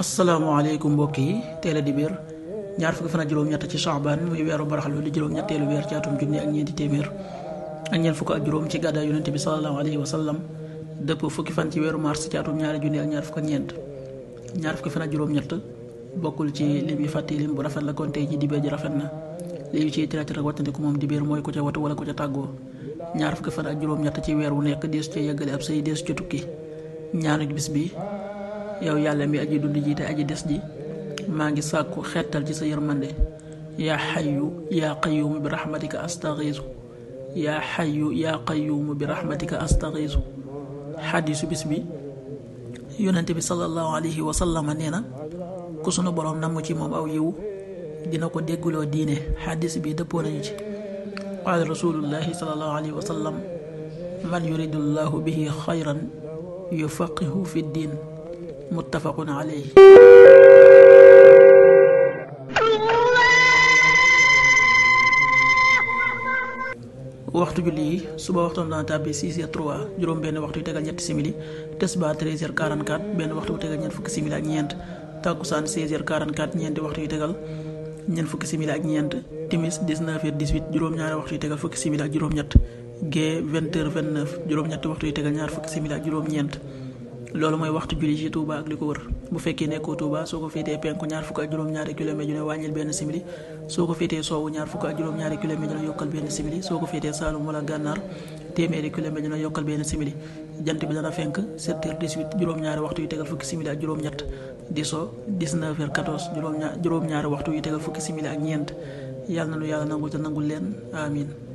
asalaamaaleykum mbokk yi teel a dibéer ñaar fukki fan ak juróom-ñett ci Shaaban muy weeru baraxlu di juróom-ñetteelu weer ci atum junni ak ñeenti téeméer ak ñeent fukk ak juróom ci gàddaa yonente bi salallaahu alayhi wa sallam dëpp fukki fan ci weeru mars ci atum ñaari ak ñaar fukk ak ñaar fukki fan juróom-ñett bokkul ci lim yi fàtte lim bu rafet la kon tey ji dibéer ji rafet na léegi ci tiratir ak wattandiku moom dibéer mooy ku ca watu wala ku ca tàggoo ñaar fukki fan ak juróom-ñett ci weer wu nekk deesu ca yeggale ab sëy deesu ca tukki ñaanu bis bi yow yàlla mi aji dund ji te aji des ji maa ngi sàkku xeetal ci sa yërmande yaa xayu yaa qayuumu bi raxmatika astaxiisu yaa xayu yaa qayuumu bi raxmatika astaxiisu xadiisu bis bi yonente sallallahu alayhi wa sallama nee na ku namu ci moom aw yiw dina ko dégguloo diine xadiis bi dëppoo nañu ci qaala rasulullahi sallallahu alayhi wa man yuridu llahu bihi xayran yufaqihu fi diin muttafaqun alayhi waxtu julli yi suba waxtoom dana tàbbi 6h03 juróom benn waxtu yu tegal ñetti simili tesba 13h44 benn waxtu bu tegal ñeent fukki simili ak ñeent takkusaan 16h44 ñeenti waxtu yu tegal ñeent simili ak ñeent timis 19h18 juróom-ñaari waxtu yu tegal fukki simili ak juróom-ñett gee juróom-ñetti waxtu yu tegal ñaar fukki simili ak juróom-ñeent loolu mooy waxtu julli ci Touba ak li ko wër bu fekkee nekkoo Touba soo ko féetee penku ñaar fukk ak juróom-ñaari kilomètre yu ne wàññil benn simili soo ko féetee soowu ñaar fukk ñaari kilomètre yu ne yokkal benn simili jant bi dana fenk 7 heures 18 juróom-ñaari waxtu yu tegal fukki simili ak juróom-ñett ñaar waxtu yu tegal fukki simili ak ñeent yàlla na nu yàlla nangul te nangul leen amin